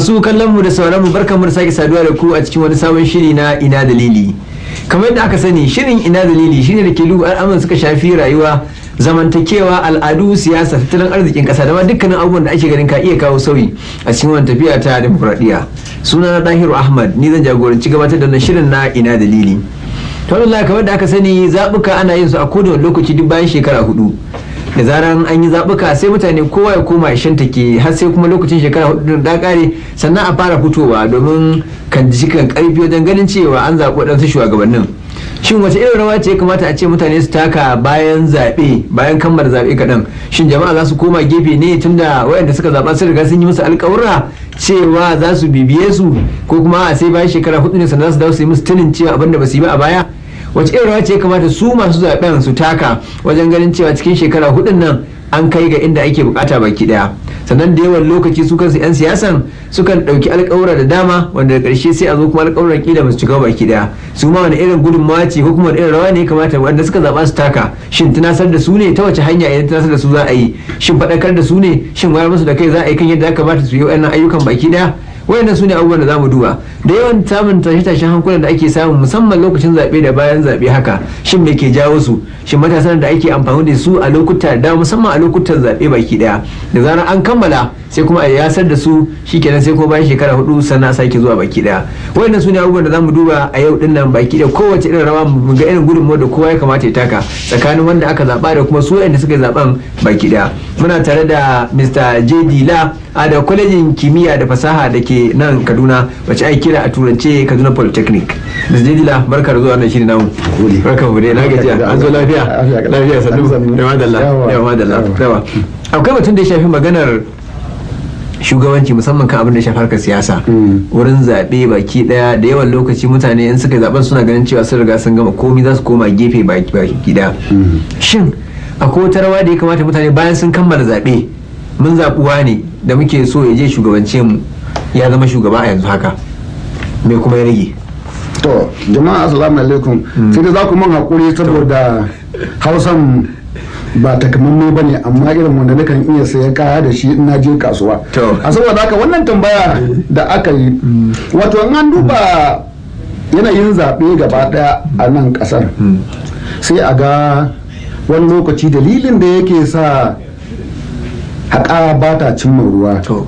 masu kallon mu da sauran mu barkan mu da sake saduwa da ku a cikin wani sabon shiri na ina dalili kamar yadda aka sani shirin ina dalili shine da ke duba al'amuran suka shafi rayuwa zamantakewa al'adu siyasa tattalin arzikin kasa da ma dukkanin abubuwan da ake ganin ka iya kawo sauyi a cikin wani tafiya ta demokuraɗiyya suna na dahiru ahmad ni zan jagoranci gabatar da wannan shirin na ina dalili to kamar da aka sani zabuka ana yin su a kowane lokaci duk bayan shekara hudu da zarar an yi zaɓuka sai mutane kowa ya koma ishin take har sai kuma lokacin shekara hudu da ƙare sannan a fara fitowa domin kan kan ƙarfi wajen ganin cewa an zaɓi waɗansu shugabannin shin wace irin rawa ce ya kamata a ce mutane su taka bayan zaɓe bayan kammala zaɓe kaɗan shin jama'a za su koma gefe ne tunda waɗanda suka zaɓa sun riga sun yi musu alƙawura cewa za su bibiye su ko kuma a sai bayan shekara hudu ne sannan za su dawo su yi musu tunin cewa abinda ba su yi ba a baya wace irin rawa ce kamata su masu zaben su taka wajen ganin cewa cikin shekara hudun nan an kai ga inda ake bukata baki daya sannan da yawan lokaci su kansu 'yan siyasan sukan ɗauki alkawura da dama wanda da karshe sai a zo kuma alkawura kila ba su cika baki daya su ma wani irin gudunmawa ce ko kuma wani irin rawa ne kamata wanda suka zaɓa su taka shin tunasar da su ne ta wace hanya idan tunasar da su za a yi shin faɗakar da su ne shin wayar musu da kai za a yi kan yadda ya kamata su yi wa'annan ayyukan baki daya wayannan su ne abubuwan da za duba da yawan samun tashe-tashen hankulan da ake samu musamman lokacin zaɓe da bayan zaɓe haka shin me ke jawo su shin matasan da ake amfani da su a lokuta da musamman a lokutan zaɓe baki ɗaya da zaran an kammala sai kuma a yasar da su shikenan sai ko bayan shekara hudu sannan sake zuwa baki ɗaya wayannan su ne abubuwan da za mu duba a yau din nan baki ɗaya kowace irin rawa mu ga irin gudunmawar da kowa ya kamata ya taka tsakanin wanda aka zaɓa da kuma su wayanda suka zaɓan baki ɗaya muna tare da mr jd la a da kwalejin kimiyya da fasaha da ke nan kaduna wacce ai kira a turance kaduna polytechnic mr jd la barka da zuwa nan ne namu barka mu dai na gajiya an zo lafiya lafiya sannu da madalla yawa madalla yawa akwai batun da ya shafi maganar shugabanci musamman kan abin da shafar ka siyasa hmm. wurin zaɓe baki ɗaya da yawan lokaci mutane in suka zaɓen suna ganin cewa sun riga sun gama komi za su koma gefe baki ɗaya hmm. shin akwai wata rawa da ya kamata mutane bayan sun kammala zaɓe mun zaɓuwa ne da muke so ya je shugabance mu ya zama shugaba a yanzu haka mai kuma ya rage to jama'a assalamu alaikum mm. sai da za ku man hakuri saboda hausan ba takamamme ba ne amma irin wanda nakan iya sayan kaya da shi ina je kasuwa a saboda haka wannan tambaya da aka yi mm. wato in an duba yanayin zaɓe gaba ɗaya a nan ƙasar mm. sai a ga wani lokaci dalilin da yake sa haƙa ba ta cimma ruwa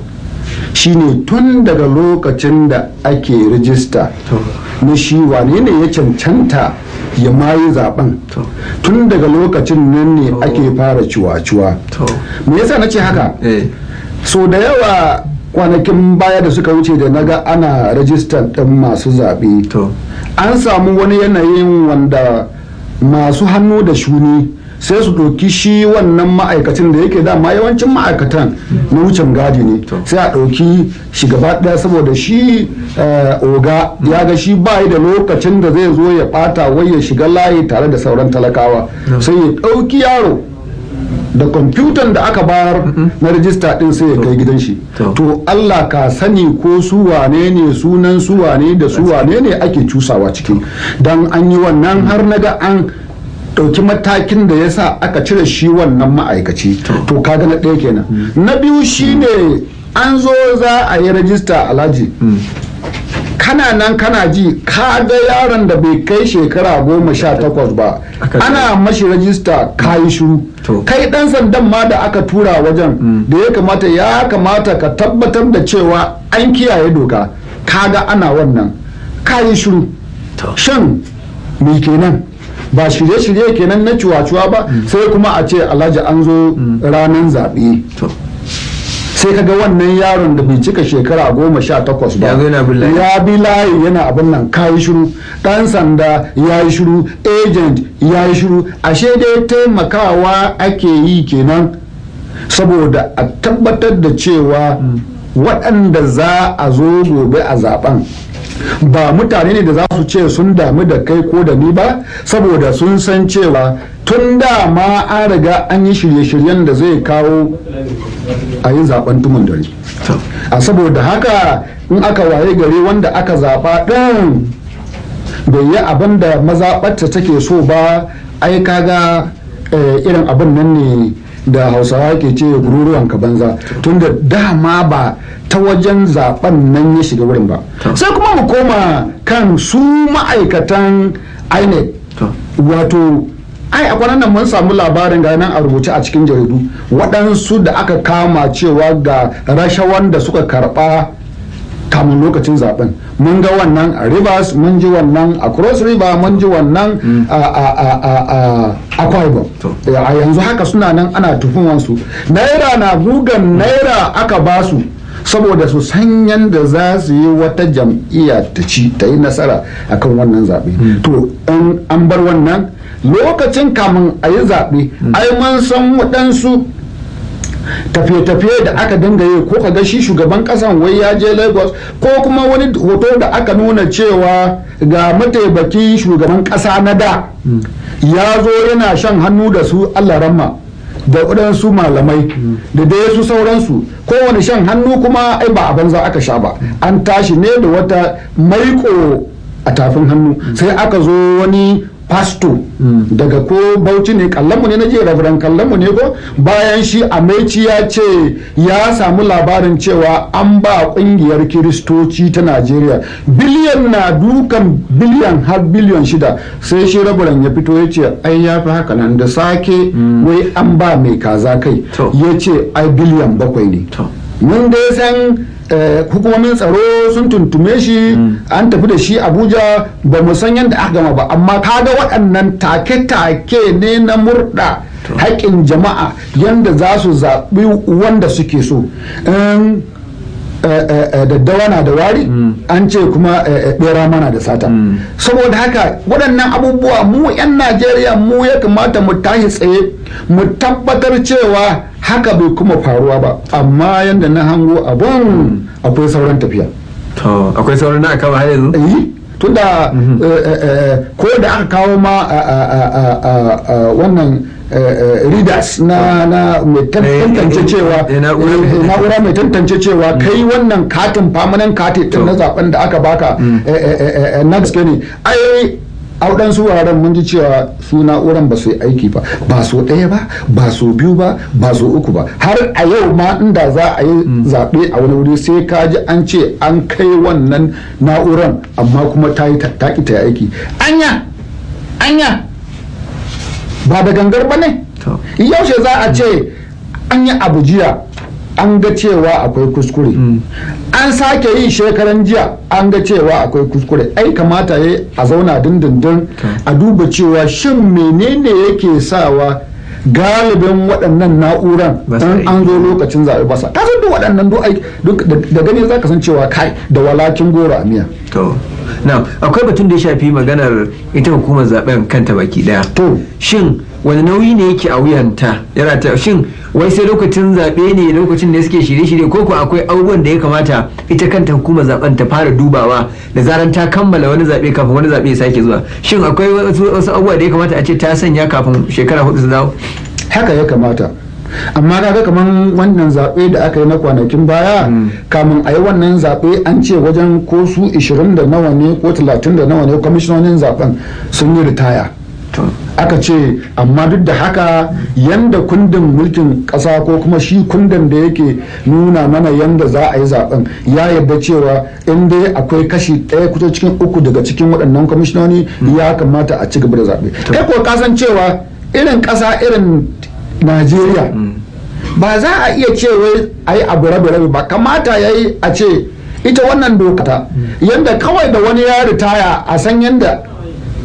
shine tun daga lokacin da ake rijista na shi wane ne ya cancanta ya mayi zaben tun daga lokacin nan ne ake fara ciwa-ciwa me yasa na ce haka eh. so da yawa kwanakin baya da suka wuce da naga ana rajistar ɗin masu zaɓe an samu wani yanayin wanda masu hannu da shuni sai su ɗauki shi wannan ma'aikacin da yake dama yawancin ma'aikatan na wucin gadi ne sai a ɗauki shi gaba ɗaya saboda shi eh, oga ya ga shi bayi da lokacin da zai zo ya ɓata wai ya shiga layi tare da sauran talakawa sai ya ɗauki yaro da kwamfutan da aka bayar na rijista din sai ya kai gidan shi to Allah ka sani ko su wane ne sunan su wane da su wane ne ake cusawa cikin don an yi wannan har na ga an ɗauki matakin da ya sa aka cire shi wannan ma'aikaci to kaga na ɗaya kenan na biyu shi ne an zo za a yi rajista alhaji kana nan kana ji ka ga yaron da bai kai shekara goma sha takwas ba ana mashi rajista kayi yi shuru kai dan sandan ma da aka tura wajen mm. da ya kamata ya kamata ka tabbatar da cewa an kiyaye doka ka ga ana wannan kayi yi shuru shan me kenan ba shirye-shirye kenan na cuwa-cuwa ba mm. sai kuma a ce alhaji an zo mm. ranar zaɓe sai kaga wannan yaron da bai cika shekara goma sha takwas ba ya bi layi yana abin nan kayi shiru ɗan sanda ya yi shiru agent ya yi shiru ashe dai taimakawa ake yi kenan saboda a tabbatar da cewa mm. waɗanda za a zo gobe a zaben ba mutane ne da za su ce sun damu da kai ko da ni ba saboda sun san cewa tun da ma an riga an yi shirye-shiryen da zai kawo a yi zaben tumun dare a saboda haka in aka waye gari wanda aka zaɓa ɗin bai yi abin da mazaɓarta take so ba ai kaga eh, irin abin nan ne da hausawa ke ce gururuwan ka banza tunda dama ba ta wajen zaben nan ya shiga wurin ba sai kuma mu koma kan su ma'aikatan inec wato ai a kwanan nan mun samu labarin ga nan a rubuce a cikin jaridu waɗansu da aka kama cewa ga rashawan da suka karɓa kamun lokacin zaben mun ga wannan a rivers mun ji wannan a cross river mun ji wannan mm. a akwaibom a yanzu haka suna nan ana tuhumansu naira na gugan mm. naira aka ba su saboda su san yadda za su yi wata jam'iyya ta ci ta yi nasara akan wannan zaɓe mm. to an bar wannan lokacin kamun a yi zaɓe ai mun san waɗansu tafiye-tafiye da aka dinga yi ko ga shi shugaban kasan wai ya je lagos ko kuma wani hoto da aka nuna cewa ga mataimaki shugaban kasa na da ya zo yana shan hannu da su allah ramma da waɗansu malamai da dai su sauransu kowane shan hannu kuma ai ba a banza aka sha ba an tashi ne da wata maiko a tafin hannu sai aka zo wani pasto daga ko bauchi ne kallonmu ne na naje rabiran kallonmu ne ko bayan shi ameci ya ce ya samu labarin cewa an ba kungiyar kiristoci ta najeriya biliyan na dukan biliyan har biliyan shida sai shi rabiran ya fito ya ce ai ya fi haka da sake wai an ba mai kaza kai ya ce ai biliyan bakwai ne mun dai san Eh, hukumomin tsaro sun tuntume shi hmm. an tafi da shi abuja ba san yadda aka gama ba amma kaga waɗannan take-take ne na murɗa haƙƙin jama'a yadda za su zaɓi wanda suke so Eh, eh, eh, daddawa na da wari mm. an ce kuma bera mana da sata mm. saboda haka waɗannan abubuwa mu 'yan najeriya mu ya kamata mu tashi tsaye mu tabbatar cewa haka bai kuma faruwa ba amma yadda na hango abun mm. akwai sauran tafiya akwai sauran na kama har yanzu tunda mm-hmm. ko da aka kawo ma wannan Eh, readers na eh, eh, tantance cewa na'ura mai tantance cewa mm. kai wannan katin famunan katin na zaben da aka baka mm. na gaske ne ai a waɗansu wuraren mun ji cewa su na'uran ba su yi aiki ba ba so ɗaya ba ba so biyu ba ba so uku ba har a yau ma inda za a yi mm. zaɓe a wani wuri sai ka ji an ce an kai wannan na'uran amma kuma ta yi ta aiki anya anya ba da gangar ba ne yaushe za a ce an yi abu jiya an ga cewa akwai kuskure mm. an sake yi shekaran jiya an ga cewa akwai kuskure ai kamata ya a zauna dindindin a duba cewa shin menene yake sawa galibin waɗannan na'uran dan an zo lokacin zaɓe basa Ta san duk waɗannan duk da gani za ka san cewa kai da walakin goro a miya na akwai batun da ya shafi maganar ita hukumar zaben kanta baki daya to shin wani nauyi ne yake a wuyanta yana ta shin wai sai lokacin zaɓe ne lokacin da suke shirye-shirye ko ko akwai abubuwan da ya kamata ita kanta hukumar zaben ta fara dubawa da zaran ta kammala wani zaɓe kafin wani zaɓe ya sake zuwa shin akwai wasu abubuwa da ya kamata a ce ta sanya kafin shekara hudu su dawo haka ya kamata amma kaga kamar wannan zaɓe da aka yi na kwanakin baya hmm. kamun a yi wannan zaɓe an ce wajen ko su 20 da nawa ne ko 30 da nawa ne kwamishinonin zaɓen sun yi ritaya aka ce amma duk da haka yanda kundin mulkin ƙasa ko kuma shi kundin da yake nuna mana yanda za a yi zaɓen. ya yadda cewa in dai akwai kashi ɗaya kusa cikin uku daga cikin waɗannan kwamishinoni hmm. ya kamata a ci gaba da zaɓe kai ko kasan cewa irin ƙasa irin najeriya mm. ba za a iya cewa a yi abu rabe rabe ba kamata ya yi a ce ita wannan dokata mm. yadda kawai da wani ya ritaya a san yadda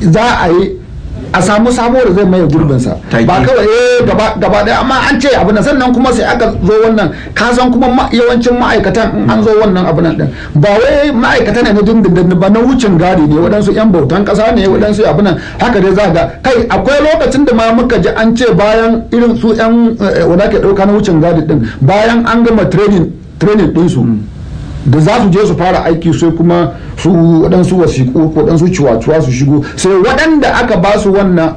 za a yi a samu sabo da zai maye gurbinsa ba kawai eh gaba daya amma an ce abu nan sannan kuma sai aka zo wannan kasan kuma yawancin ma'aikatan in an zo wannan abu nan din ba wai ma'aikata ne na dindindin ba na wucin gadi ne waɗansu yan bautan ƙasa ne waɗansu abu nan haka dai za ga kai akwai lokacin da ma muka ji an ce bayan irin su yan eh, wanda ke ɗauka na wucin gadi din bayan an gama training training ɗinsu hmm. da za su je su fara aiki sai kuma su waɗansu wasiƙo ko waɗansu ciwatuwa su shigo sai waɗanda aka ba su wannan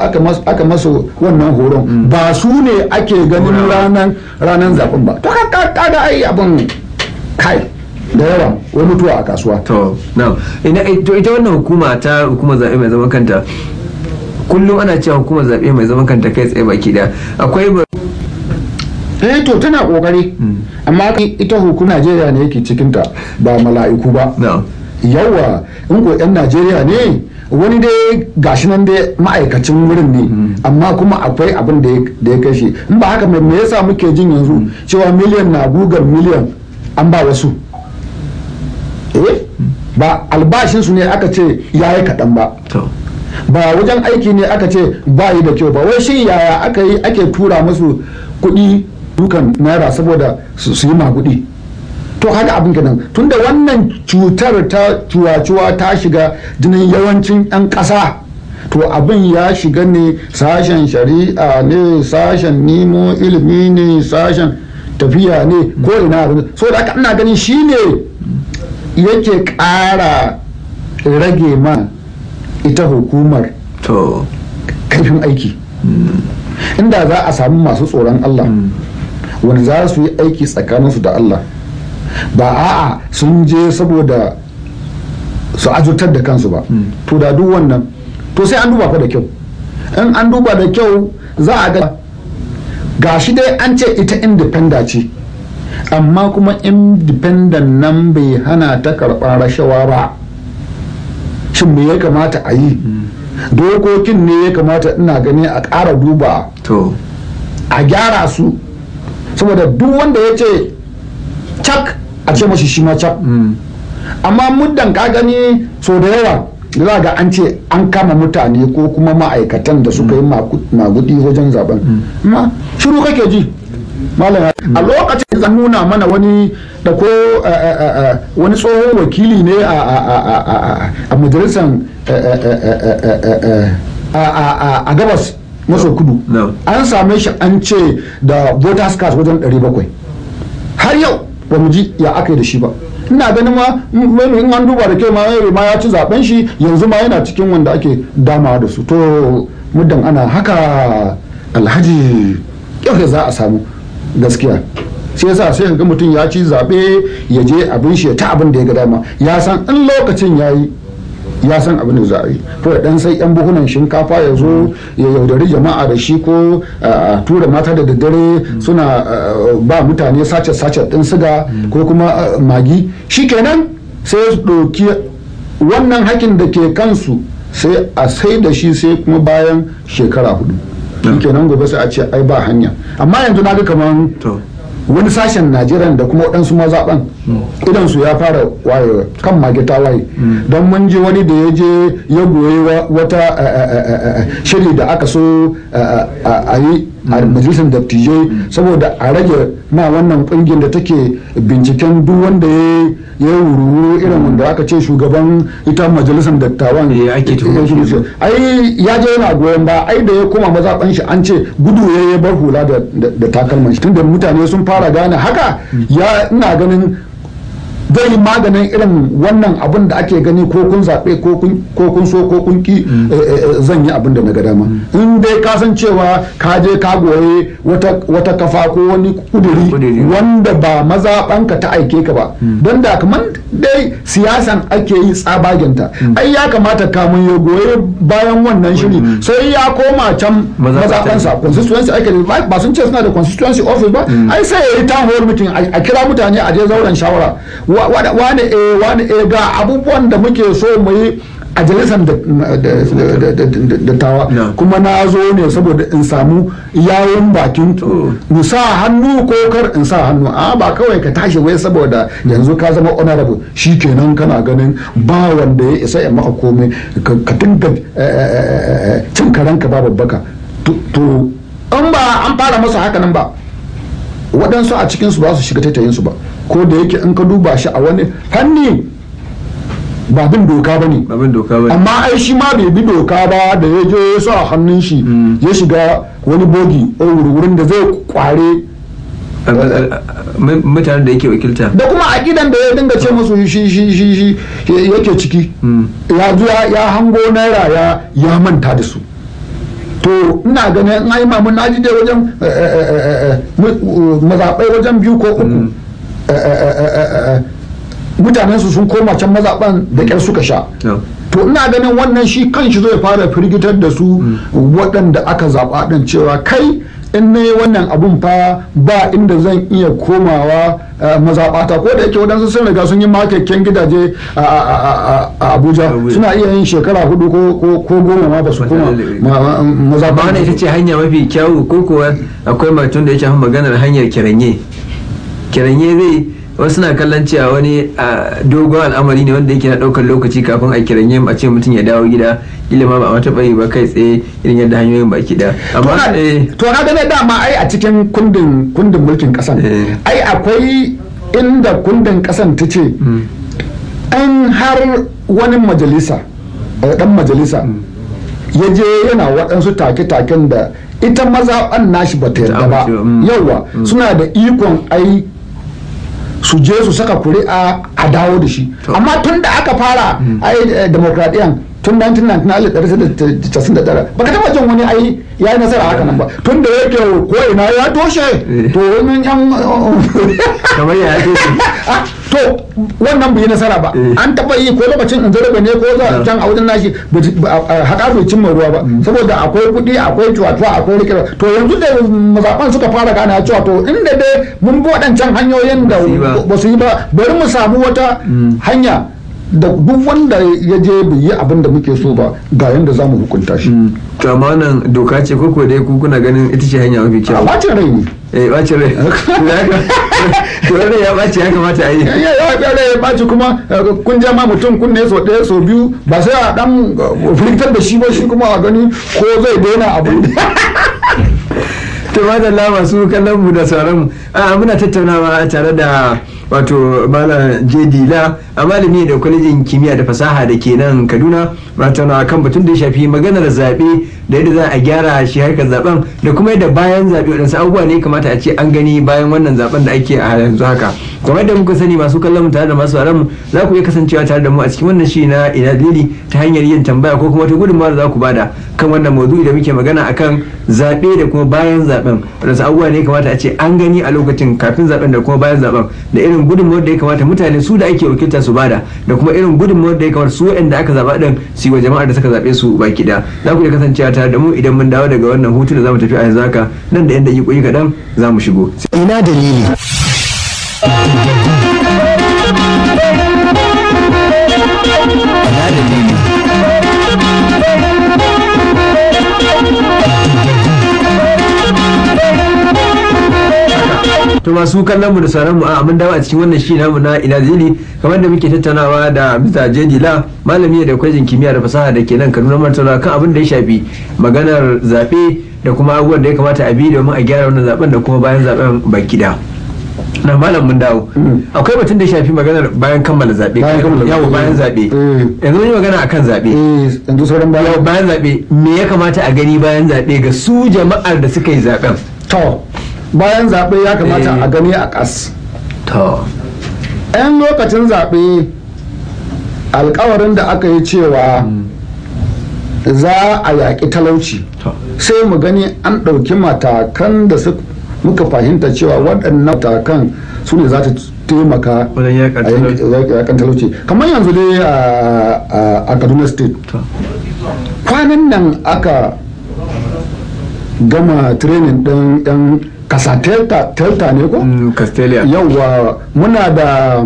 aka masu wannan horon mm. ba su ne ake ganin ranan ranan zaɓen ba to ka da ai abin kai da yawa wai mutuwa a kasuwa to na eh, ita wannan hukuma ta hukumar zaɓe mai zaman kanta kullum ana cewa hukumar zaɓe mai zaman kanta kai tsaye baki da akwai eh to tana kokari hmm. amma ita hukun najeriya ne yake cikin ta ba mala'iku ba yawa in ko yan najeriya ne wani dai gashi nan dai ma'aikacin wurin ne hmm. amma kuma akwai abin da ya kashe in ba haka me yasa muke jin yanzu hmm. cewa miliyan na gugar miliyan an ba wasu eh ba albashin su ne aka ce ya yi kaɗan ba ba wajen aiki ne aka ce ba yi da kyau ba wai shi yaya aka yi ake tura musu kuɗi dukan naira saboda su yi magudi to haka abin kenan tunda wannan cutar ta cuwa-cuwa ta shiga jinin yawancin 'yan ƙasa to abin ya shiga ne sashen shari'a ne sashen nemo ilimi ne sashen tafiya ne ko ina abin so da ana ganin shi ne yake ƙara rage ma ita hukumar to karfin aiki hmm. inda za a samu masu tsoron Allah hmm. Wani za su yi aiki tsakaninsu da Allah ba a'a sun je saboda su azurtar da kansu ba hmm. to da duk wannan to sai an duba fa da kyau in an duba da kyau za a ga shi dai an ce ita indifenda ce amma kuma independent nan bai hana ta karɓar rashawa ba shin me ya kamata a yi hmm. dokokin ne ya kamata ina gani a ƙara duba a gyara su saboda duk wanda ya ce cak a ce mashi shi ma cak amma muddan ka gani so da yawa za ga an ce an kama mutane ko kuma ma'aikatan da suka yi magudi wajen zaben amma shiru kake ji malam a lokacin zan nuna mana wani da ko wani tsohon wakili ne a majalisar a gabas maso kudu an same shi an ce da voters card wajen 700 har yau ba mu ji ya aka yi da shi ba ina ganin ma in an duba da kai ma yare ma ya ci zaben shi yanzu ma yana cikin wanda ake damawa da su to muddin ana haka alhaji yau za a samu gaskiya sai yasa sai ga mutum ya ci zaɓe ya je abin shi ya ta abin da ya ga dama ya san in lokacin ya yi ya san abin da za a yi to dan sai yan buhunan shinkafa ya zo ya yaudari jama'a da shi ko a tura mata da daddare suna ba mutane sace sace din siga ko kuma magi shikenan sai su ɗauki wannan hakin da ke kansu sai a sai da shi sai kuma bayan shekara hudu kenan gobe sai a ce ai ba hanya amma yanzu na ga kaman wani sashen najeriya da kuma waɗansu mazaɓan idan su ya fara waye kan mage ta waye don mun je wani da ya je ya goyi wata eh, eh, eh, shiri da aka so a yi a majalisar dattijai saboda a rage na wannan kungiyar da take binciken duk wanda ya yi wuru irin wanda aka ce shugaban ita majalisar dattawan ya eh, ake ai ya je yana goyon ba ai da ya koma maza shi an ce gudu ya yi bar hula da takalman shi tunda mutane sun fara gane haka ya ina ganin zai yi maganin irin wannan abin da ake gani ko kun zaɓe ko kun so ko kun ki mm. eh, eh, eh, zan yi abin da na ga dama mm. in dai ka san cewa ka je ka goye wata kafa ko wani kuduri wanda ba mazaɓanka ta aike ka ba mm. don da kamar dai siyasan ake yi tsabaginta ai ya kamata kamun ya goye bayan wannan shiri sai ya koma can mazaɓansa constituency ake ba sun ce suna da constituency office ba ai sai ya yi town hall a kira mutane a je zauren shawara Eh, wane eh ga abubuwan da muke so mu yi a jalisar tawa kuma na zo ne saboda in samu yawon bakin mu sa hannu ko kar in sa hannu a ba kawai ka tashi wai saboda yanzu ka zama honorable shi kenan kana ganin ba wanda ya isa ya maka komai ka dinga eh, eh, cin karanka ba babbaka to an ba an fara masa haka ba waɗansu a cikinsu ba su shiga su ba ko da yake in ka duba shi a wani fanni ba bin doka ba ne amma ai shi ma bai bi doka ba da ya je ya sa hannun shi hmm. ya shiga wani bogi a wurin da zai kware mutanen da yake wakilta da kuma akidan da ya dinga ce masu shi shi shi shi yake ciki hmm. ya hango naira ya manta da su to ina ganin in yi mamun naji dai wajen eh, eh, eh, mazaɓai uh, wajen biyu ko uku mm. mutanensu sun koma can mazaɓan da ƙyar suka sha to ina ganin wannan shi kan shi zai fara firgitar da su mm. waɗanda aka zaɓa ɗin cewa kai in na yi wannan abun fa ba inda zan iya komawa eh, mazaɓata ko da yake waɗansu sun riga sun yi makakken gidaje a abuja suna iya yin shekara hudu ko goma ma ba su koma mazaɓata ne ita ce hanya mafi kyawu ko kuwa akwai martun da ya yake maganar hanyar kiranye kiranye zai wasu na kallon cewa wani dogon al'amari ne wanda yake na daukar lokaci kafin a kiran yamma a ce mutum ya dawo gida ilima ba a mata bayi ba kai tsaye irin yadda hanyoyin baki da amma to na eh, ga dama ai a cikin kundin kundin mulkin kasan eh. ai akwai inda kundin kasan ta ce an hmm. har wani majalisa dan eh, majalisa hmm. ya je yana waɗansu take-taken da ita maza an nashi ba ta yarda ba hmm. yawa suna da ikon ai su je su saka kuri'a a dawo da shi amma tun da aka fara yi eh, demokradiyan tun 1999 baka taba jin wani ai ya yi nasara haka nan ba tun da yake ko ina ya toshe eh. to wani yan kamar ya toshe ah, to wannan bai nasara ba eh. an taba yi ko lokacin in zarbe ne ko za can a wajen nashi haka bai cin ruwa ba mm. saboda akwai kuɗi akwai cuwa akwai rikira to yanzu da mazaɓan suka fara gane cewa to inda dai mun bi waɗancan hanyoyin da ba su yi ba bari mu samu wata mm. hanya da duk wanda ya je bai yi abin da muke so ba ga yadda za mu hukunta shi. Mm. to doka ce ko ko dai kuna ganin ita ce hanya mafi kyau. a wacin rai ne. eh ɓaci rai ya ɓaci ya kamata a yi ya rai ya ɓaci kuma eh, kun ja ma mutum kun ne so ɗaya so biyu ba sai a ɗan eh, firgitar da shi ba shi kuma a gani ko zai daina abin to ma da lama su kallon mu da sauran ah, muna tattaunawa tare da wato malam jedila a malami da kwalejin kimiyya da fasaha da ke nan kaduna martana kan batun da ya shafi maganar zaɓe da yadda za a gyara shi harkar zaɓen da kuma yadda bayan zaɓe waɗansu abubuwa ne kamata a ce an gani bayan wannan zaɓen da ake a yanzu haka kamar da muka sani masu kallon tare da masu mu za ku iya kasancewa tare da mu a cikin wannan shi na ina dalili ta hanyar yin tambaya ko kuma ta gudunmawar za ku bada kan wannan maudu'i da muke magana akan zaɓe da kuma bayan zaɓen waɗansu abubuwa ne kamata a ce an gani a lokacin kafin zaben da kuma bayan zaben da irin gudunmawar da ya kamata mutane su da ake wakilta su su bada da kuma irin gudunmawar da ya kamar su waɗanda aka zaba ɗin su wa jama'ar da suka zaɓe su baki ɗaya za ku iya kasancewa tare da mu idan mun dawo daga wannan hutu da za mu tafi a yanzu haka nan da yan daƙiƙoƙi kaɗan za mu shigo. ina dalili. ina dalili. to masu kallon mu da sauran mu a mun dawo a cikin wannan shi namu na ina zili kamar da muke tattaunawa da Mr. Jedila malami da kwajin kimiyya da fasaha da ke nan Kaduna Martana kan abin da ya shafi maganar zabe da kuma abubuwan da ya kamata a bi domin a gyara wannan zaben da kuma bayan zaben baki da na malam mun dawo mm. akwai batun da ya shafi maganar bayan kammala zabe yawo bayan zabe mm. yanzu mun yi magana akan zabe eh, yanzu sauran bayan yawo bayan zabe me ya kamata a gani bayan zabe ga su jama'ar da suka yi zaben to bayan zaɓe ya kamata a eh. gani a ƙas yan lokacin zaɓe alkawarin da aka yi cewa hmm. za a yaƙi talauci sai mu gani an ɗauki matakan da muka fahimta cewa waɗannan matakan su ne za ta taimaka a yakan talauci kamar yanzu dai a kaduna state kwanan nan aka gama training ɗin 'yan kasa telta telta ne ko mm, Yau wa muna da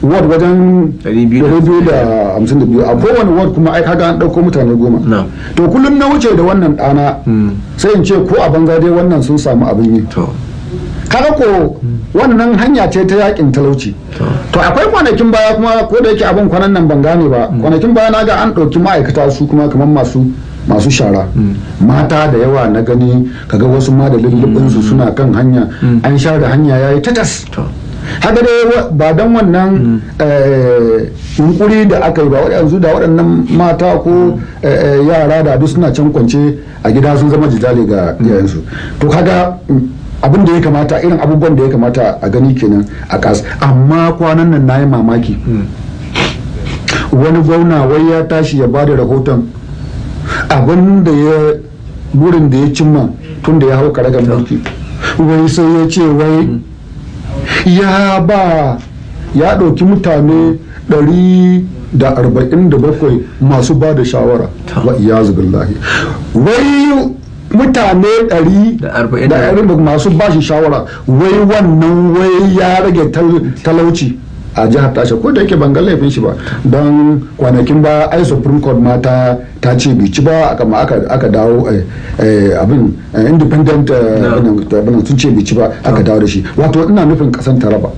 ward wajen 252 a kowane ward kuma ai kaga an dauko mutane goma to kullum na wuce da wannan dana mm. sai in ce ko a bangare wannan sun samu abin yi kaga ko wannan hanya ce ta yakin talauci to akwai kwanakin baya kuma ko da yake abin kwanan nan ban gane ba mm. kwanakin baya na ga an ɗauki ma'aikata su kuma kamar masu masu shara mata da yawa na gani kaga wasu ma da lullubinsu mm. suna kan hanya mm. an share hanya ya yi tatas haka dai ba don wannan mm. eh, yunkuri da aka yi ba yanzu da waɗannan mata ko eh, eh, yara da duk suna can kwance a gida sun zama jidali ga yayansu to kaga abin da ya kamata irin abubuwan da ya kamata a gani kenan a kas amma kwanan nan na yi mamaki wani gwauna wai ya tashi ya ba da rahoton abin da ya burin da ya cimma tun da ya hau karagar mulki wai sai ya ce wai ya ba ya ɗauki mutane 147 masu ba da shawara wa zubin lahi wai mutane 140 masu ba shi shawara wai wannan wai ya rage talauci a jihar tasha ko da yake ban ga laifin shi ba don kwanakin ba ai supreme court ma ta ce ce bici ba aka aka dawo eh, eh, abin eh, independent abin sun ce bici ba aka dawo da shi wato ina nufin kasan taraba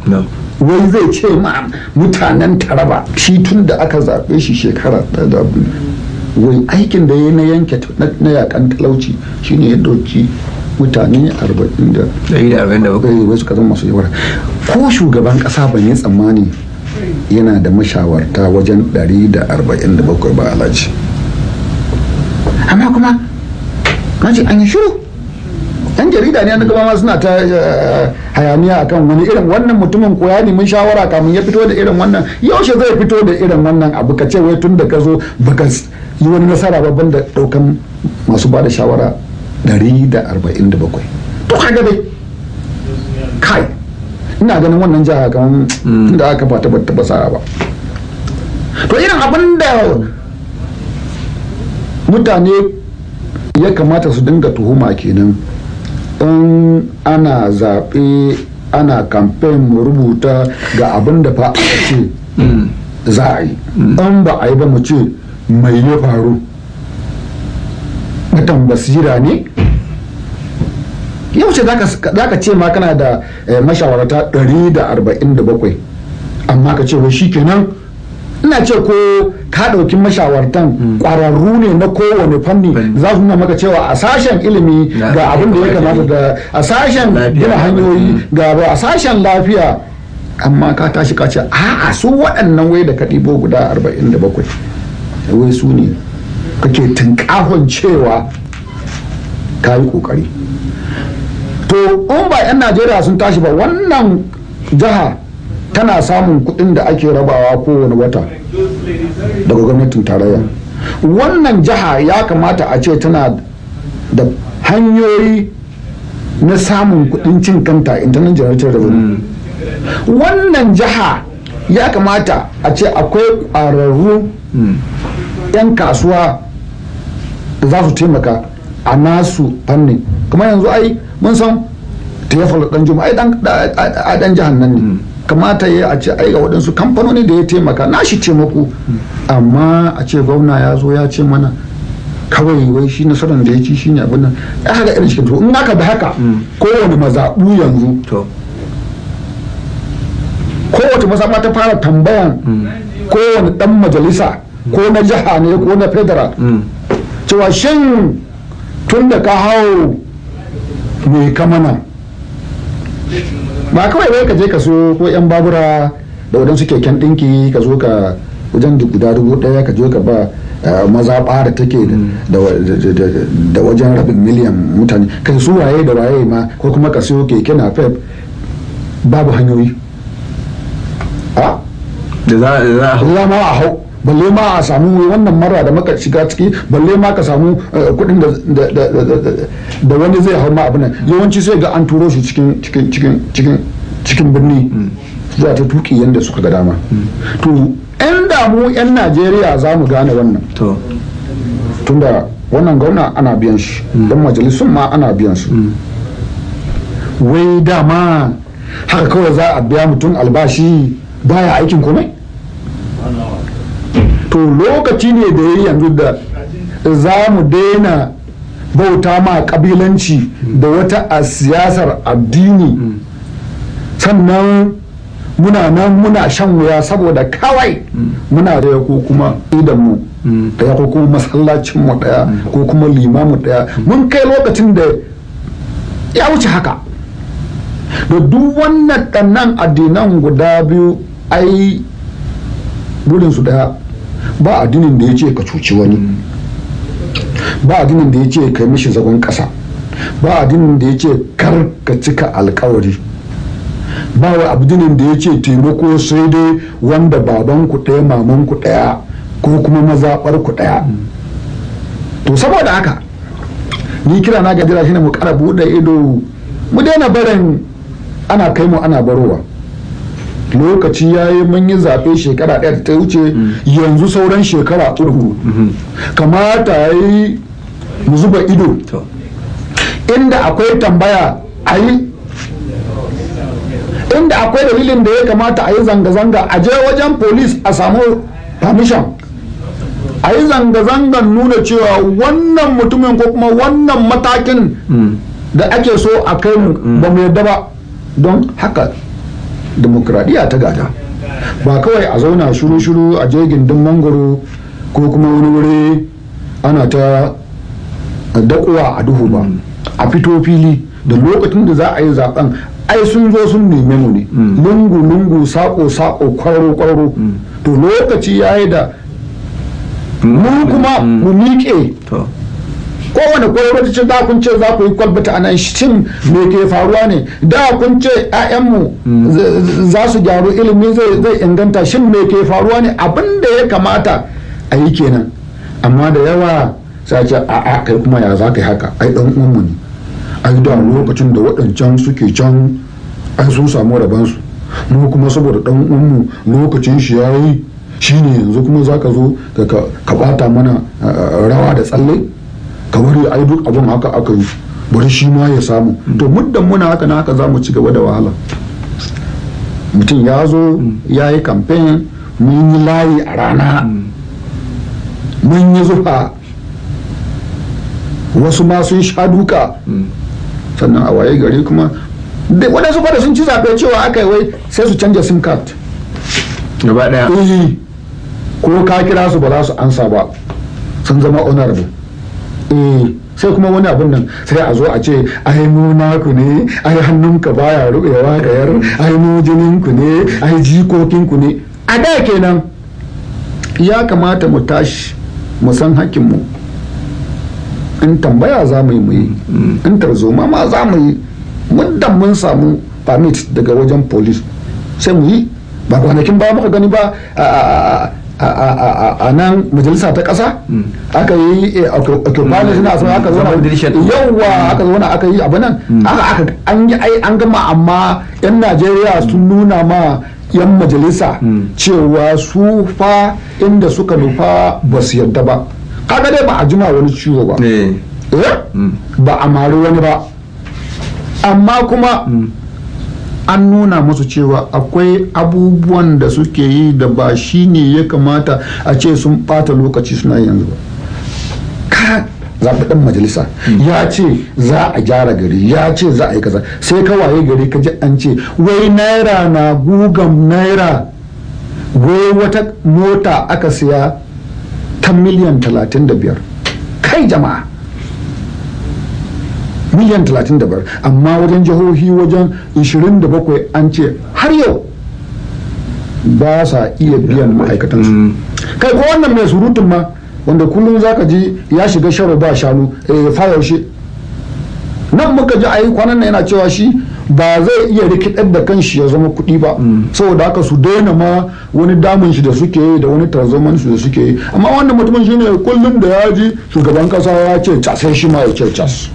wai zai ce ma mutanen taraba shi tun da aka zaɓe shi shekara da wai aikin da ya na yanke na yakan talauci shine ya ɗauki mutane 47 eh, suka zama masu shawara ko shugaban kasa ban yi tsammani yana da mashawarta wajen 147 ba alhaji amma kuma na ce an yi shiru yan jarida ne na gaba ma suna ta eh, hayaniya akan wani irin wannan mutumin ko ya nemi shawara kamun ya fito da irin wannan yaushe zai fito da irin wannan abu ka ce wai tun da ka zo baka yi wani nasara babban da daukan masu ba da shawara 147 to kaga dai kai ina ganin wannan jiha kamar mm. da aka fata ba taba ba to irin abin da mutane ya kamata su dinga tuhuma kenan in ana zaɓe ana kamfen mu rubuta ga abin da fa ce mm. za a yi mm. in ba a yi ba mu ce mai ya faru mutan basira ne yau ce za ka ce ma kana da eh, mashawarta 147 amma ka ce wai shi kenan ina ce ko ka ɗauki mashawartan ƙwararru ne na kowane fanni za su nuna maka cewa a sashen ilimi ga abin da ya kamata da a sashen gina hanyoyi ga a sashen lafiya amma ka tashi ka ce a'a su waɗannan wai da ka ɗibo guda 47 wai su ne kake tunkahon cewa ka yi kokari to in ba 'yan najeriya sun tashi ba wannan jiha tana samun kuɗin da ake rabawa kowane wata daga gwamnatin tarayya wannan jiha ya kamata a ce tana da hanyoyi na samun kuɗin cin kanta internal da wani. wannan jiha ya kamata a ce akwai ƙwararru 'yan kasuwa da za su taimaka a nasu fanni kuma yanzu ai mun san ta ya dan juma ai dan jihar nan ne hmm. kamata ya a ce ai ga waɗansu kamfanoni da ya taimaka na shi taimako amma a ce gwamna ya zo ya ce mana kawai wai shi nasarar da ya ci shi ne abin nan ya haka irin shi in naka da haka hmm. kowane mazaɓu yanzu kowace mazaɓa ta fara tambayan hmm. kowane ɗan majalisa ko na jiha ne ko na federal cewa shin tun da ka hau mai kamana ba kawai wai ka je ka so ko yan babura da waɗansu keken ɗinki ka zo ka wajen guda dubu ɗaya ka zo ka ba eh, maza da take mm. da wajen rabin miliyan mutane ka su waye da waye ma ko kuma ka siyo keke na fef babu hanyoyi a da za a hau balle ma a samu wannan mara da maka shiga ciki balle ma ka samu eh, kuɗin da wani zai hau ma abin nan yawanci sai ga an turo su cikin birni hmm. za ta tuki yadda suka ga dama hmm. to yan damu yan najeriya za mu gane wannan tunda wannan gauna ana biyan shi hmm. Don majalisun ma ana biyan su wai dama haka kawai za a biya mutum albashi baya aikin komai to lokaci ne da yayi yanzu da za mu daina bauta ma kabilanci da wata a siyasar addini sannan muna nan muna shan wuya saboda kawai muna daya ko kuma idanmu daya ko kuma masallacinmu daya ko kuma limamu daya mun kai lokacin da ya wuce haka da duk wannan ɗannan addinan guda biyu ai burinsu daya ba addinin da ya ce ka cuci wani ba addinin da ya ce ka yi mishi zagon ƙasa ba addinin da ya ce kar ka cika alkawari ba wa addinin da ya ce taimako sai dai wanda baban ku ɗaya maman ku ɗaya ko kuma mazaɓar ku ɗaya to saboda haka ni kira na gajira shine mu ƙara buɗe ido mu daina barin ana kai mu ana barowa lokaci ya yi mun yi zaɓe shekara ɗaya ta wuce yanzu sauran shekara uku kamata ya yi zuba ido inda akwai tambaya a yi inda akwai dalilin da ya kamata a yi zanga-zanga a je wajen polis a samu permission a yi zanga-zangan nuna cewa wannan mutumin ko kuma wannan matakin hmm. da ake so a kai mu hmm. ba mu yadda ba don haka demokradiyya ta gada ba kawai a zauna shuru-shuru a jirgin din mangoro ko kuma wani wuri ana ta dakuwa a duhu ba a fito fili da lokacin da za a yi zaɓen ai sun zo sun neme mu ne mm. lungu-lungu saƙo sako kwararo-kwararo mm. to lokaci ya yi da mu kuma mm. mu miƙe kowane gwamnati da kun ce za ku yi kwalbata a nan shitin me ke faruwa ne da kun ce 'ya'yanmu za su gyaru ilimi zai inganta shin me ke faruwa ne abinda ya kamata a yi kenan amma da yawa sai ce a kai kuma ya za ka yi haka ai dan uwanmu ne ai da lokacin da waɗancan suke can an su samu rabansu mu kuma saboda dan uwanmu lokacin shi ya yi shine yanzu kuma za ka zo ka bata mana eh, rawa da tsalle kamar ya ai duk abin haka aka yi bari shi ma ya samu to muddan muna haka na haka za mu ci gaba da wahala mutum ya zo ya yi kamfen mun yi layi a rana mun yi zufa wasu ma sun sha duka sannan a waye gari kuma waɗansu fara sun ci zaɓe cewa aka yi wai sai su canja sim card gaba ɗaya eh, ko ka kira su ba za su ansa ba sun zama honorable Eh, sai kuma wani abun nan sai a zo a ce ai mu naku ne ai hannunka baya rubewa da yar ai mu jinin ku ne ai jikokin ku ne a da kenan ya kamata mu tashi mu san hakkin mu in tambaya za mu yi mu yi hmm. in tarzo ma za mu yi muddan mun samu permit daga wajen police sai mu yi ba kwanakin ba muka gani ba a nan majalisa ta ƙasa hmm. aka yi autopilot eh, na aka na yawwa aka hmm. na hmm. aka yi abu nan an yi ai an gama amma yan najeriya sun nuna ma yan majalisa cewa su fa inda suka nufa ba su yadda ba kaga dai ba a jima wani ciwo ba eh. Eh? ba a mari wani ba amma kuma an nuna musu cewa akwai abubuwan da suke yi da ba shi ne ya kamata a ce sun bata lokaci suna yanzu ba zaɓaɗin majalisa hmm. ya ce za a gyara gari ya ce za a yi kaza sai ka waye gari ka ji an ce wai naira na gugan naira wai wata mota aka siya ta miliyan talatin da biyar kai jama'a miliyan 35 amma wajen jihohi wajen 27 an ce har yau ba sa iya biyan ma'aikatansu mm. kai ko wannan mai surutun ma wanda kullum za ka ji ya shiga sharo ba shanu ya eh, fayaushe nan muka ji a yi kwanan yana cewa shi ba zai iya rikidar da kanshi ya zama kuɗi ba mm. saboda haka su daina ma wani damun shi da suke yi da wani tarzoman su da suke yi amma wannan mutumin shine kullum da ya ji shugaban kasa ya ce casai shi ma ya ce cas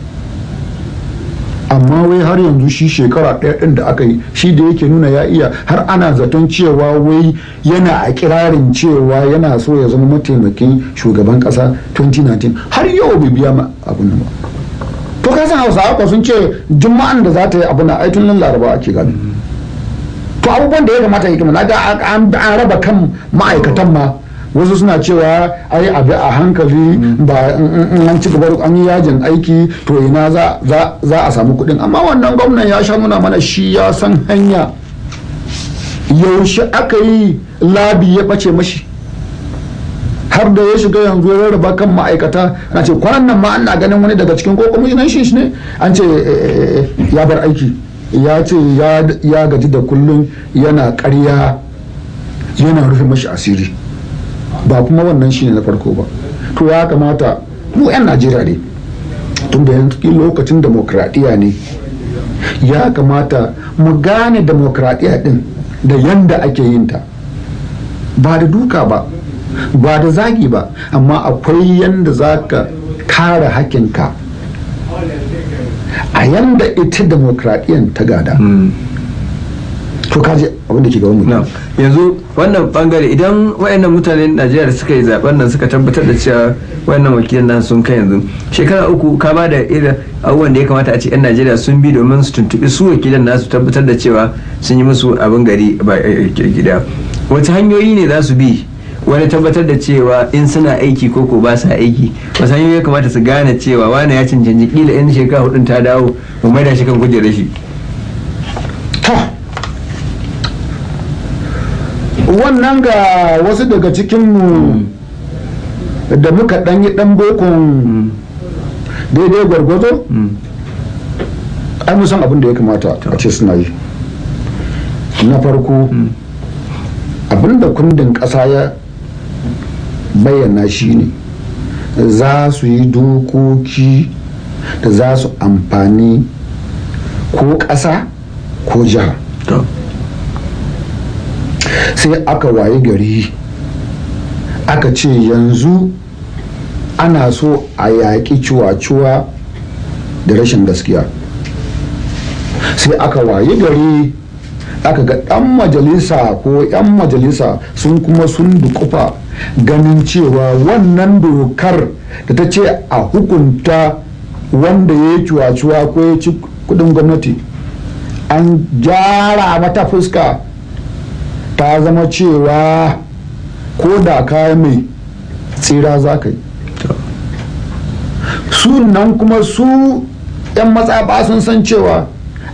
amma wai har yanzu shi shekara ɗaya ɗin da aka yi shi da yake nuna ya iya har ana zaton cewa wai yana a kirarin cewa yana so ya zama mataimakin shugaban ƙasa 2019 har yau bai biya ma abin nan ba to ka san hausa ko sun ce juma'an da za ta yi abin ai tun nan laraba ake gani to abubuwan da ya kamata ya kamata na ga an raba kan ma'aikatan ma wasu suna cewa ai abi a hankali ba an ci gaba an yi yajin aiki to ina za a samu kuɗin amma wannan gwamnan ya sha nuna mana shi ya san hanya yaushe aka yi labi ya bace mashi har da ya shiga yanzu ya rarraba kan ma'aikata na ce kwanan nan ma ana ganin wani daga cikin ko kwamishinan shi ne an ce eh, eh, eh, ya bar aiki ya ce ya gaji da kullum yana karya yana rufe mashi asiri ba kuma wannan shi ne na farko ba to ya kamata mu 'yan najeriya ne tun da lokacin demokradiyya ne ya kamata mu gane demokradiyya din da yanda ake yin ta ba da duka ba ba da zagi ba amma akwai yanda za ka kare hakinka a yanda ita demokradiyyan ta gada hmm. to kaji abinda ke gaba mu yanzu wannan bangare idan wayannan mutanen najeriya suka yi zaben nan suka tabbatar da cewa wayannan wakilan nan sun kai yanzu shekara uku ka ba da irin abubuwan da ya kamata a ce yan najeriya sun bi domin su tuntuɓi su wakilan nasu tabbatar da cewa sun yi musu abin gari ba eh, eh, gida wata hanyoyi ne za su bi wani tabbatar da cewa in suna aiki ko ko ba sa aiki wasu hanyoyi ya kamata su gane cewa wani ya cancanci kila in shekara hudun ta dawo mu maida shi kan kujerar shi wannan ga wasu daga cikinmu da muka ɗanyi ɗan bokon daidai gwargwazo an musan abin da ya kamata a ce suna yi na farko abin da kundin ƙasa ya bayyana shi ne za su yi dokoki da za su amfani ko ƙasa ko jiha sai aka waye gari aka ce yanzu ana so a yaƙi cuwacuwa ciwa da rashin gaskiya sai aka waye gari aka ga ɗan majalisa ko 'yan majalisa sun kuma sun dukufa ganin cewa wannan dokar da ta ce a hukunta wanda ya yi ciwa-ciwa ko ya ci kudin gwamnati an jara mata fuska ta zama cewa ko da kayan mai tsira za ka yi su nan kuma su 'yan ba sun san cewa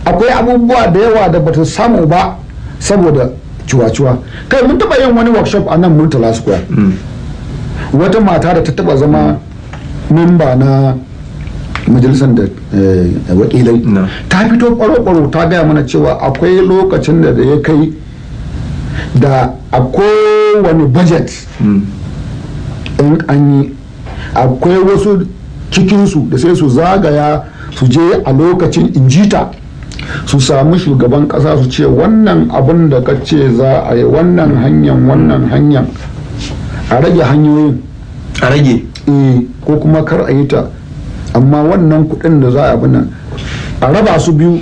akwai abubuwa da yawa da bata samu ba saboda ciwa-ciwa kai mun taba yin wani workshop a nan murtala square wata mata da ta taba zama memba na majalisar da eh, wakilai ta fito kwaro-kwaro ta gaya mana cewa akwai lokacin da ya kai da a kowane budget hmm. in an yi akwai wasu cikinsu da sai su zagaya su je a lokacin injita su samu shugaban kasa su ce wannan abin da ka ce za a yi wannan hanyar wannan hanyar a rage hanyoyin a rage eh, ko kuma kar a yi ta amma wannan kudin da za a nan a raba su biyu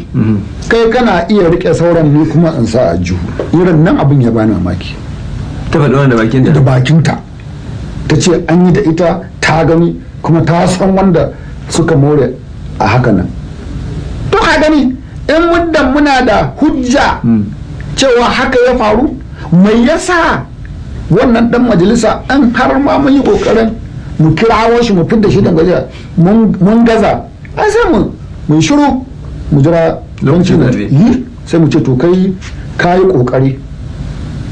kai kana iya rike sauran ne kuma in sa a juhu irin nan abin ya bani mamaki ta faɗi da bakin da bakinta ta ce an yi da ita ta gani kuma ta san wanda suka more a haka nan to ka gani in muddan muna da hujja hmm. cewa haka ya faru mai yasa wannan dan majalisa an har ma mun yi kokarin mu kirawo shi mu fidda shi daga mun gaza an sai mu mun shiru mu jira lokacin yi sai mu ce to kai ka yi kokari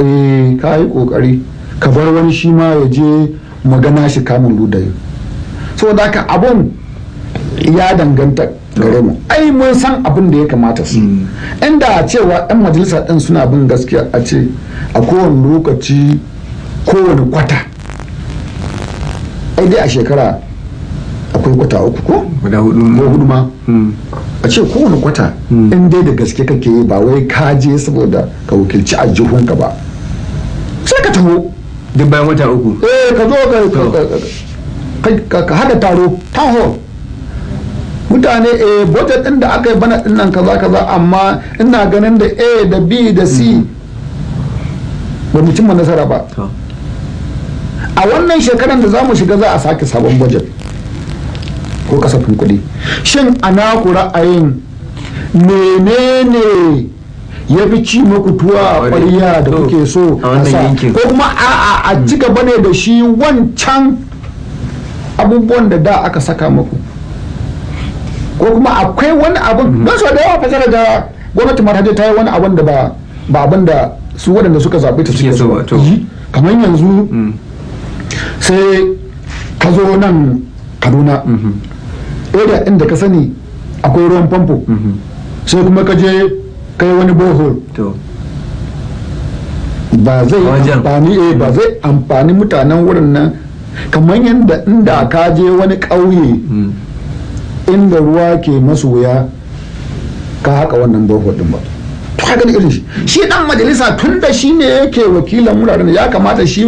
eh ka kokari ka bar wani shi ma ya je magana shi kamun ludayi saboda haka abun ya danganta gare mu ai mun san abin da ya kamata su hmm. inda a cewa yan majalisa ɗin suna bin gaskiya a ce a kowane lokaci kowane kwata ai dai a shekara akwai kwata uku ko guda hudu ko hudu ma hmm. a ce kowane kwata hmm. in dai da gaske kake yi ba wai ka je saboda ka wakilci a jihunka ba sai ka taho duk bayan wata uku eh ka zo ka ka hada taro taho mutane eh budget din da aka yi bana din nan kaza kaza amma ina ganin da A da B da C hmm. ba mu cimma nasara ba a wannan shekaran da za mu shiga za a sake sabon budget ko kasafin kuɗi shin ana ku ra'ayin menene ya fi ci muku tuwa a ƙwariya da kuke so ko kuma a a ci hmm. gaba ne da shi wancan abubuwan da da aka saka muku ko kuma akwai wani abin hmm. don sau da yawa fasara da gwamnati mata ta yi wani abin da ba abin da su waɗanda suka zaɓe ta suke so kamar yanzu hmm. sai ka zo nan kaduna da inda ka sani akwai ruwan famfo mhm. sai kuma ka je kai wani bohol ba zai amfani eh ba zai amfani mutanen wurin nan kamar yadda inda ka je wani ƙauye mm. inda ruwa ke masu wuya ka haka wannan bohol din ba to haka ne irin shi shi dan majalisa tun da shi ne yake wakilan wuraren ya kamata shi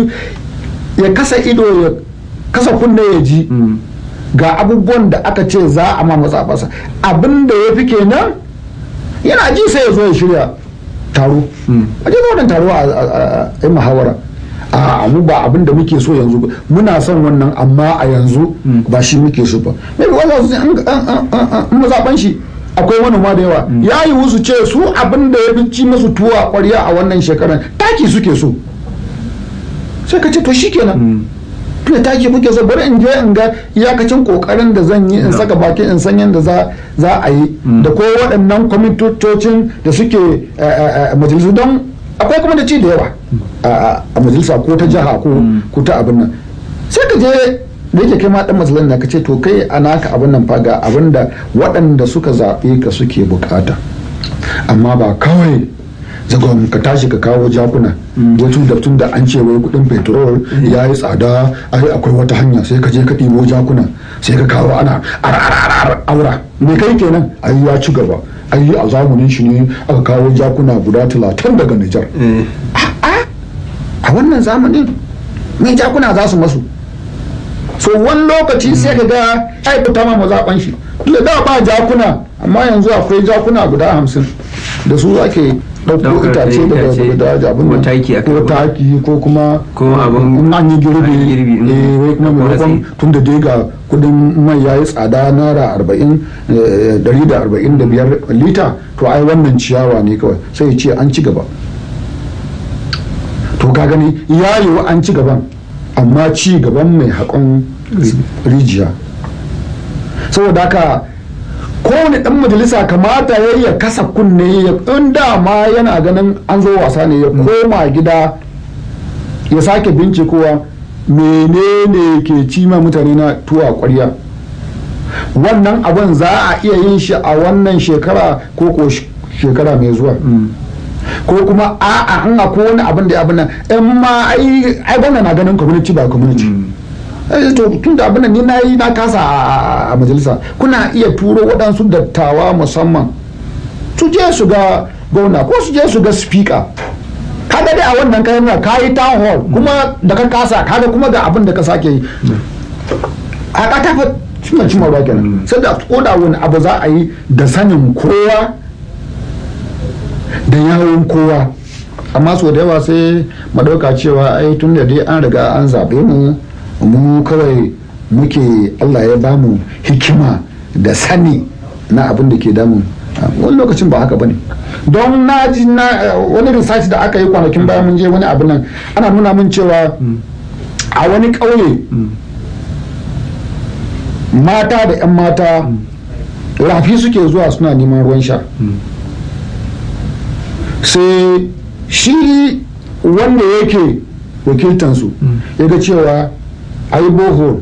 ya kasa ido ya kasa kunne ya ji mm. ga abubuwan da aka ce za a ma matsafarsa abin da ya fi kenan yana ji sai ya zo ya shirya taro hmm. a je wannan taro a yi muhawara a mu ba abin da muke so yanzu muna son wannan amma a yanzu hmm. ba shi muke so ba mai wanda su an mazaɓan shi akwai ma da yawa hmm. ya yi wuzu ce su abin da ya binci masu tuwa kwarya a wannan shekarar taki suke so sai ka ce to shi kenan da taki muke so bari in je in ga iyakacin kokarin da zan yi in saka baki in san yadda za a yi mm. da ko waɗannan kwamitocin da suke eh, eh, eh, majalisu don akwai kuma da ci da yawa a majalisa ko ta jiha mm. ko ta abin nan sai ka je da yake kai ma dan matsalan da ka ce to kai a naka abin nan faga abin da waɗanda suka zaɓe ka suke bukata amma ba kawai zagon ka tashi ka kawo jakuna mm. wasu da tun da an ce wai kudin petrol mm. ya yi tsada ai akwai wata hanya sai ka je ka ɗibo jakuna sai ka kawo ana aura me kai kenan ai ya ci gaba ai a zamanin shi ne aka kawo jakuna guda talatin daga Nijar mm. a wannan zamanin mai jakuna za su masu so wani lokaci sai ka ga ai ta ma mazaɓan shi da ba jakuna amma yanzu akwai jakuna guda hamsin da su ake ɗauko itace daga daji abin ko taki ko kuma abin an yi girbi mm. eh wai kuma maimakon tun da dai ga kudin mai yayi tsada naira arba'in dari eh, da arba'in da biyar lita to ai wannan ciyawa ne kawai sai ce an ci gaba to ka gani ya yiwu an ci gaban amma ci gaban mai haƙon rijiya saboda haka kowane ɗan majalisa kamata ya ya kasa kunne ya in dama yana ganin an zo wasa ne ya mm. koma gida ya sake bincikowa menene ke cima mutane na tuwa ƙwarya wannan abin za a iya yin shi a wannan shekara ko ko shekara mai zuwa mm. ko kuma a'a an akwai wani abin da ya abin nan in ma ai gwamna na ganin community ba community mm. Eh, to tun da abin ni na yi na kasa a majalisa kuna iya turo waɗansu dattawa musamman su je su ga gwamna ko su je su ga spika kaga dai a wannan kayan na ka yi town hall kuma da ka kasa kaga kuma ga abin da ka sake yi a ka tafi cimma cimma ruwa kenan mm. sai da koda wani abu za a yi da sanin kowa da yawon kowa amma so da yawa sai mu cewa ai tun da dai an riga an zaɓe mu mu kawai muke allah ya bamu hikima da sani na abin da ke damu. wani lokacin ba haka bane don na ji na wani research da aka yi kwanakin bayan mun je wani abu nan ana nuna mun cewa a wani ƙauye mata da 'yan mata rafi suke zuwa suna neman ruwan sha sai shi wanda yake wakiltansu ya ga cewa a yi bohol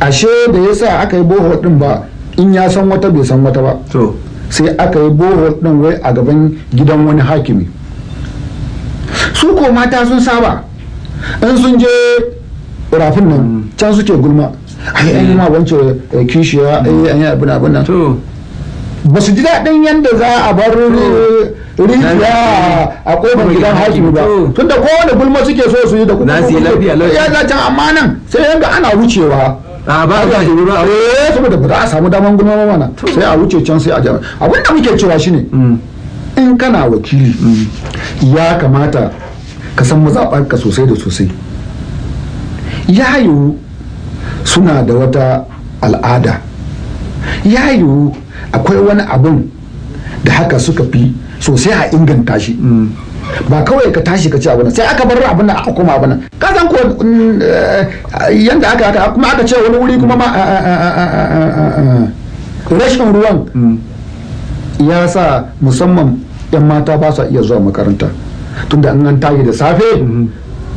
ashe da ya sa aka yi bohol din ba in ya san wata bai san wata ba sai aka yi bohol din wai a gaban gidan wani hakimi su ko mata sun saba in sun je rafin nan mm. can suke gulma ai an yi ma wancan eh, kishiya ai eh, mm. an yi abin abin nan ba su ji daɗin yadda za a bar rijiya a ƙofar gidan hakimi ba tun da kowane gulma suke so su yi da kuma ya za can amma nan sai yadda ana wucewa a ba za a yi ba eh saboda ba za a samu daman gulma ba mana sai a wuce can sai a jami'a abin da muke cewa shine mm. in kana wakili mm. ya kamata ka san ka sosai da sosai ya yiwu suna da wata al'ada ya yiwu akwai wani abin da haka suka fi sosai a inganta shi mm. ba kawai ka tashi ka ci abu sai aka bar abin nan aka koma abin nan ka ko mm, eh, yanda aka aka kuma aka ce wani wuri kuma ma eh, eh, rashin ruwan mm. ya sa musamman yan mata ba sa iya zuwa makaranta tunda in an tashi da safe mm-hmm.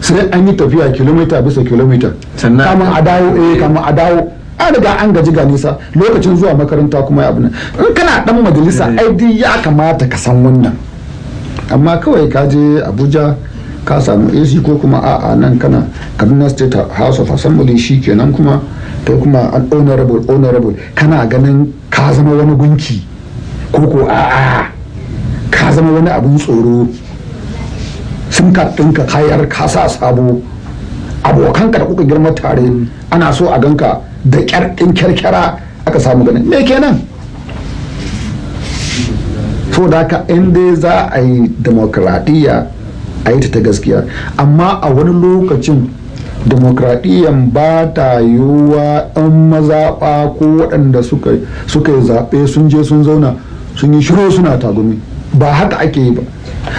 sai an yi tafiya kilomita bisa kilomita kama a dawo an riga an gaji ga nisa lokacin zuwa makaranta kuma ya nan in kana dan majalisa eh. ai ya kamata ka san wannan amma kawai ka je abuja ka samu ac ko kuma a'a nan kana kaduna state house of assembly shi kenan kuma to kuma an honorable honorable kana ganin ka zama wani gunki ko ko a'a ka zama wani abin tsoro sun ka ɗinka kayar ka sabo abokanka da kuka girma tare ana so a ganka da kyar ɗin kyarkyara aka samu ganin me kenan so da ka in dai za a yi demokradiyya a yi ta gaskiya amma a wani lokacin demokradiyyan ba ta yiwuwa in mazaɓa ko waɗanda suka yi zaɓe sun je sun zauna sun yi shiro suna tagumi ba haka ake yi ba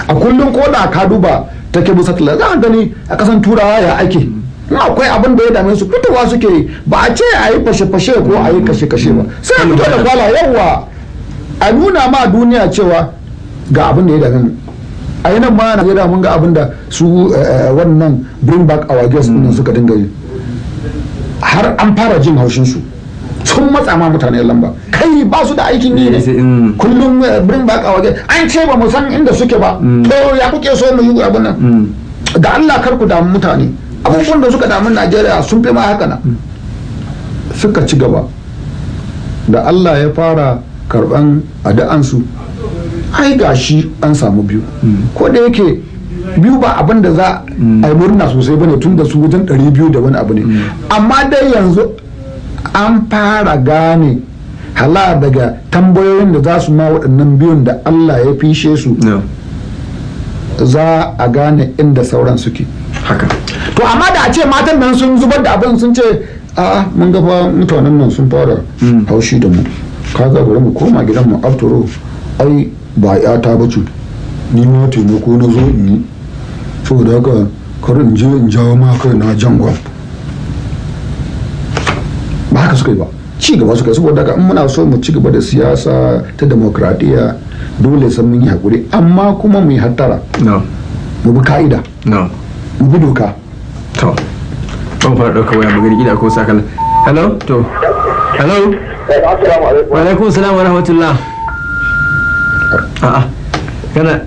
a kullum ko da ka duba ta ke bisa za a gani a ƙasan turawa ya ake na akwai abin da ya dame su fitowa suke yi ba a ce a yi fashe-fashe ko a yi kashe-kashe ba sai a fito da kwala yawa a nuna ma duniya cewa ga abin da ya dame mu a yi nan ma najeriya mun ga abin da su eh, eh, wannan bring back our guests din suka dinga yi har an fara jin haushin su sun matsa ma mutane lamba kai ba su da aikin yi ne kullum eh, bring back our guests an ce ba mu san inda suke ba mm. to ya kuke so mu yi abin nan mm. da Allah kar ku damu mutane abubuwan da suka damu najeriya sun fi ma haka nan mm. suka ci gaba da allah ya fara karban da'ansu, ai gashi an samu biyu mm. ko da yake biyu ba abin da za mm. a yi murna sosai bane tun da su wajen biyu da wani abu ne amma dai yanzu an fara gane hala daga tambayoyin da za su ma waɗannan biyun da Allah ya fishe su za a gane inda sauran suke haka to amma da a ce matan nan sun zubar da abin sun ce a mun ga mutanen nan sun fara hmm. haushi da mu kaga bari mu koma gidan mu aftoro ai ba ya ba bace ni na taimako na zo in yi saboda haka kar in je in jawo ma kai na jangon ba haka suka yi ba ci gaba suka yi saboda haka in muna so mu ci gaba da siyasa ta demokradiyya dole san mun yi hakuri amma kuma mu yi hattara mu bi ka'ida mu bi doka ban fara ɗauka waya ko hello to hello wa alaikum salam wa rahmatullah a'a kana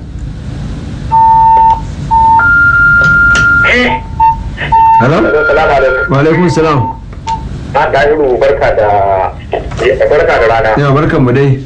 hello wa alaikum salam a ɗahiru barka da barka da rana yawa barkan mu dai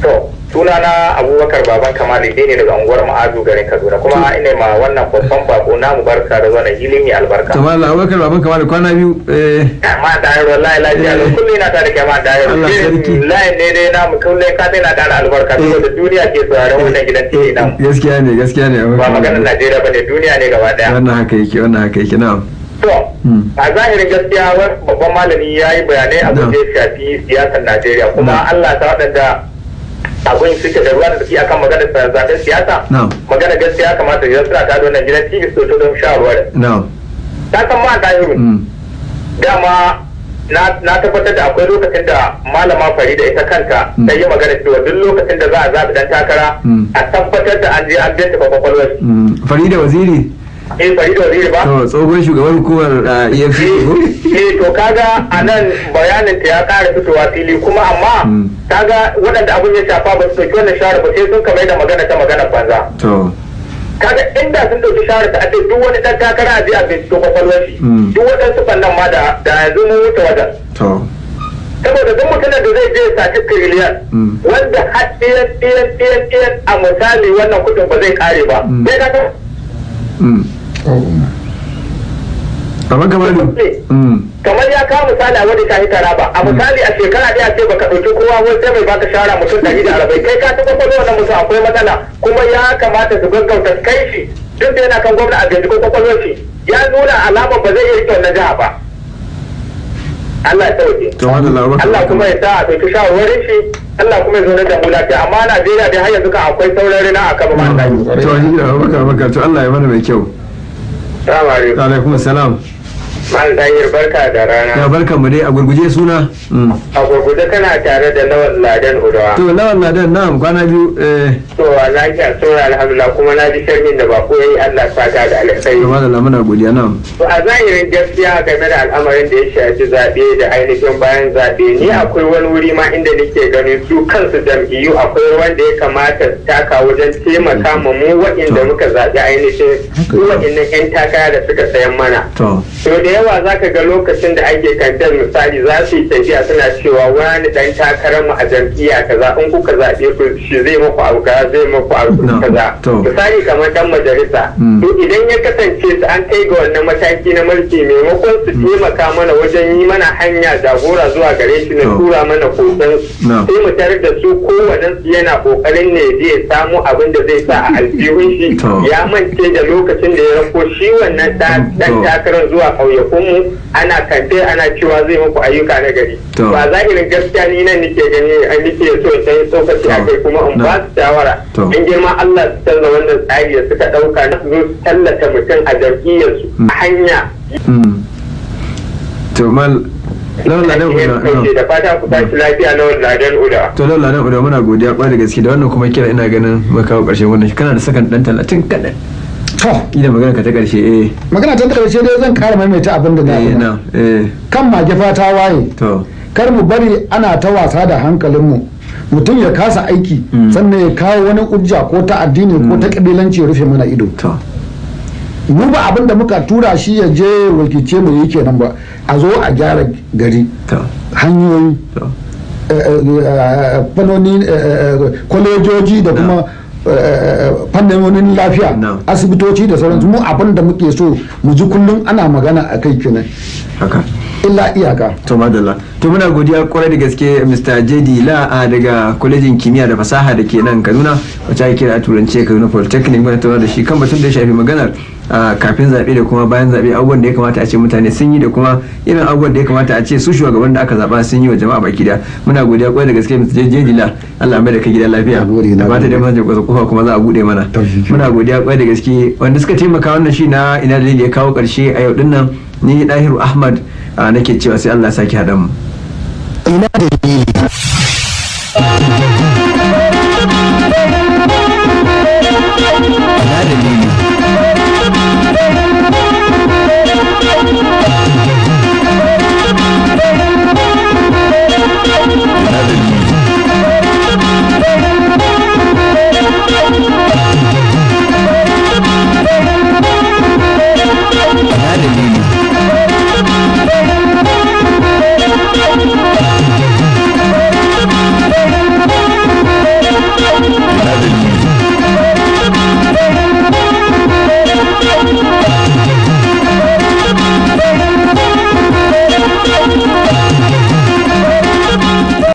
to na abubakar baban kamali ne daga unguwar ma'azu garin kaduna kuma ina ma wannan babban bako na mu barka da zuwa hili ne albarka to mallam abubakar baban kamali kwana biyu eh ma da yaro wallahi lafiya eh. da kullu ina ta da ma da yaro wallahi ne dai na mu kullai ka dai na da albarka eh. saboda duniya ke sauraron wannan gidan tv eh, na gaskiya ne gaskiya ne ba maganar najeriya bane duniya ne gaba daya wannan haka yake wannan haka yake na'am To, hmm. a zahirin gaskiya babban malami ya yi bayanai a da shafi siyasar Najeriya kuma Allah ta waɗanda abin suke da ruwa da tafi akan magana zaben siyasa magana gaskiya kamata ya a ta don najeriya tv so to don sha ruwa da ta san ma ta yi dama na tabbatar da akwai lokacin da malama farida ita kanta ta yi magana cewa duk lokacin da za a zaɓi dan takara a tabbatar da an je an biyan ta kwakwalwar farida waziri Eh, ba. tsohon shugaban hukumar EFCC eh, e eh, ko? Eh to kaga a nan bayanin ta ya ƙara fitowa fili kuma amma hmm. kaga waɗanda abin ya shafa ba su ɗauki wannan share ba sai sun kamar da magana ta magana banza. To. kaga inda sun dauki shawara ta ake duk wani dan takara a je a bincike kwakwalwar shi hmm. duk waɗansu fannin ma da da yanzu mun wuce wajen saboda duk mutumin da zai je ya saci tiriliyan hmm. wanda har ɗiyan ɗiyan ɗiyan a misali wannan kuɗin ba zai kare ba sai ka kamar kamar hmm. kamar ya kawo misali a wani hitara ba a hmm. misali a shekara a ce baka ɗauki kowa wai sai mai baka shara mutum ɗari da arabai kai ka taɓa kwallo wannan mutum akwai matsala kuma ya kamata su gaggauta kai shi duk da yana kan gwamna a binciko kwakwalwar shi ya nuna alama ba zai iya riƙe wannan jiha ba Allah ya sauke Allah kuma ya sa a ɗauki shawarwarin shi Allah kuma ya zo na jamu lafiya amma Najeriya dai har yanzu kan akwai sauran rina a kan hmm. ba. Allah ya mana mai kyau. alaykum asalaam Mal Dahir barka da rana. Ya barka mu dai a gurguje suna. Mm. A gurguje kana tare da Lawan Ladan Udawa. To Lawan Ladan na'am kwana biyu eh. To na ji a sura alhamdulillah kuma na ji sharhin da bako yi Allah saka da alkhairi. Kuma da muna godiya na'am. To a zahirin gaskiya game da al'amarin da ya shafi zaɓe da ainihin bayan zaɓe ni akwai wani wuri ma inda nake ganin su kansu jam'iyyu akwai ruwan da ya kamata taka wajen taimaka ma mu waɗanda muka zaɓi ainihin su waɗannan 'yan takara da suka sayan mana. To. da yawa zaka ga lokacin da ake kantar misali za su yi tafiya suna cewa wani dan takarar mu a jam'iyya kaza in kuka zaɓe ku shi zai maku abu kaza zai maku abu kaza misali kamar dan majalisa hmm. to idan ya kasance su an kai ga wannan mataki na mulki maimakon su hmm. taimaka mana wajen yi mana hanya jagora zuwa gare shi na tura mana kotun sai mu tarar da su ko su yana kokarin ne zai samu abin da zai sa a aljihun shi ya mance da lokacin da ya rako shi wannan dan hmm. takarar zuwa ƙauye mu ana kante ana cewa zai muku ayyuka na gari ba zahirin gaskiya ni nan nake gani nake so ta yi tsokaci a kai kuma in ba su shawara in girma Allah su canza wannan tsari da suka dauka na su tallata mutum a jam'iyyarsu hmm. a hanya hmm. to mal da ku lafiya na uda to laula uda muna godiya kwarai da gaske da wannan kuma kira ina ganin makawa karshen wannan kana da sakan dan talatin kadan to ina magana ka ta karshe eh magana ta karshe dai zan kara maimaita abin da na eh, eh. kan mage fata waye to kar mu bari ana ta wasa da hankalin mu mutum ya kasa aiki mm. sannan ya kawo wani ujja ko ta addini ko ta kabilanci mm. ya rufe mana ido mu ba abin da muka tura shi ya je rikice mu yake nan ba a zo a gyara gari hanyoyi eh, eh, fanoni kwalejoji da kuma fannin lafiya asibitoci da sauransu mu abin da muke so mu ji kullum ana magana a kai kenan haka illa iyaka to madalla to muna godiya kwarai da gaske Mr. JD La daga kwalejin kimiyya da fasaha da ke nan Kaduna wacce ake kira turanci Kaduna Polytechnic muna tattauna da shi kan batun da ya shafi maganar kafin zaɓe da kuma bayan zaɓe abubuwan da ya kamata a ce mutane sun yi da kuma irin abubuwan da ya kamata a ce su shugaban da aka zaɓa sun yi wa jama'a baki da muna godiya kwarai da gaske mu je jejila Allah mai da ka gida lafiya da ba ta da masa kwasa kofa kuma za a bude mana muna godiya kwarai da gaske wanda suka taimaka wannan shi na ina da ya kawo karshe a yau dinnan ni Dahiru Ahmad nake cewa sai Allah ya saki hadan mu ina dalili